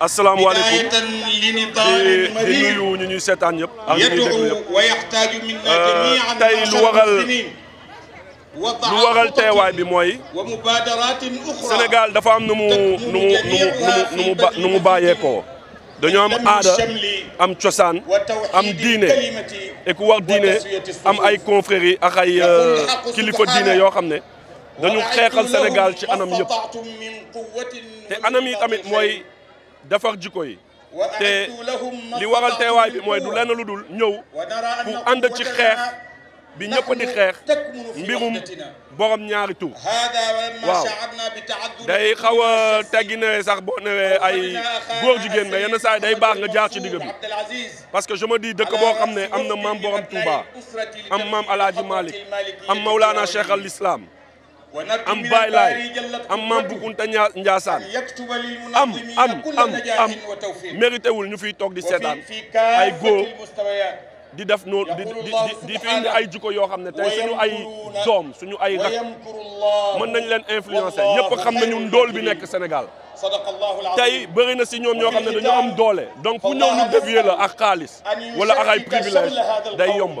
asalaamaaleykum di di nuyu ñu ñuy seetaan ñëpp ak ñuy déglu ñëpp tey lu waral lu waral teewaay bi mooy Sénégal dafa am nu mu nu mu nu mu nu mu bàyyeekoo dañoo am aada am cosaan am diine et ku wax diine am ay confréries ak ay kilifa diine yoo xam ne dañu xeexal Sénégal ci anam yëpp te anam yi tamit mooy. defar jikko yi te li waral teewaay bi moy du lenn luddul ñew ku and ci xex bi ñëpp di mbirum borom ñaari tur waaw day xaw a ne sax bo newe ay góor jigéen mais yenn say day baax nga jaar ci digg bi parce que je me dis dëkk boo xam ne am na maam borom Touba am mam Alaaji malik am Maulana Cheikh al Islam am Baay Laay am Maam Bukunta Njaasaan am am am am mérité wul ñu fiy toog di seetaan ay góor di def noonu di di di fi indi ay jikko yoo xam ne tey suñu ay doom suñu ay rak mën nañ leen influencer ñëpp xam nañu ndóol bi nekk Sénégal tey bëri na si ñoom ñoo xam ne dañoo am doole donc ku ñëw ñu dévier la ak xaalis wala ak ay privilège day yomb.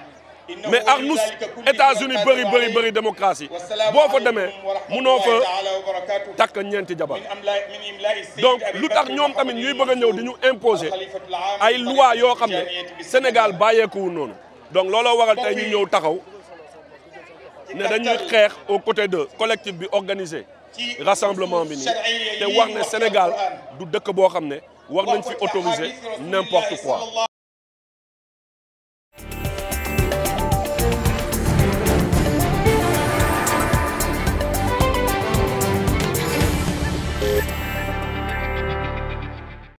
mais Arnous, États-Unis bari bari bari démocratie boo fa demee munoo fa takk ñeenti jabar donc lu tax ñoom tamit ñuy bëgg a ñëw di imposer ay loi yoo xam ne Sénégal bàyyeekuwul noonu donc l'olo, waral tey ñu ñëw taxaw ne dañuy xeex aux côtés de collectif bi organisé rassemblement bi nii te wax ne Sénégal du dëkk boo xam ne war nañ fi autoriser n'importe quoi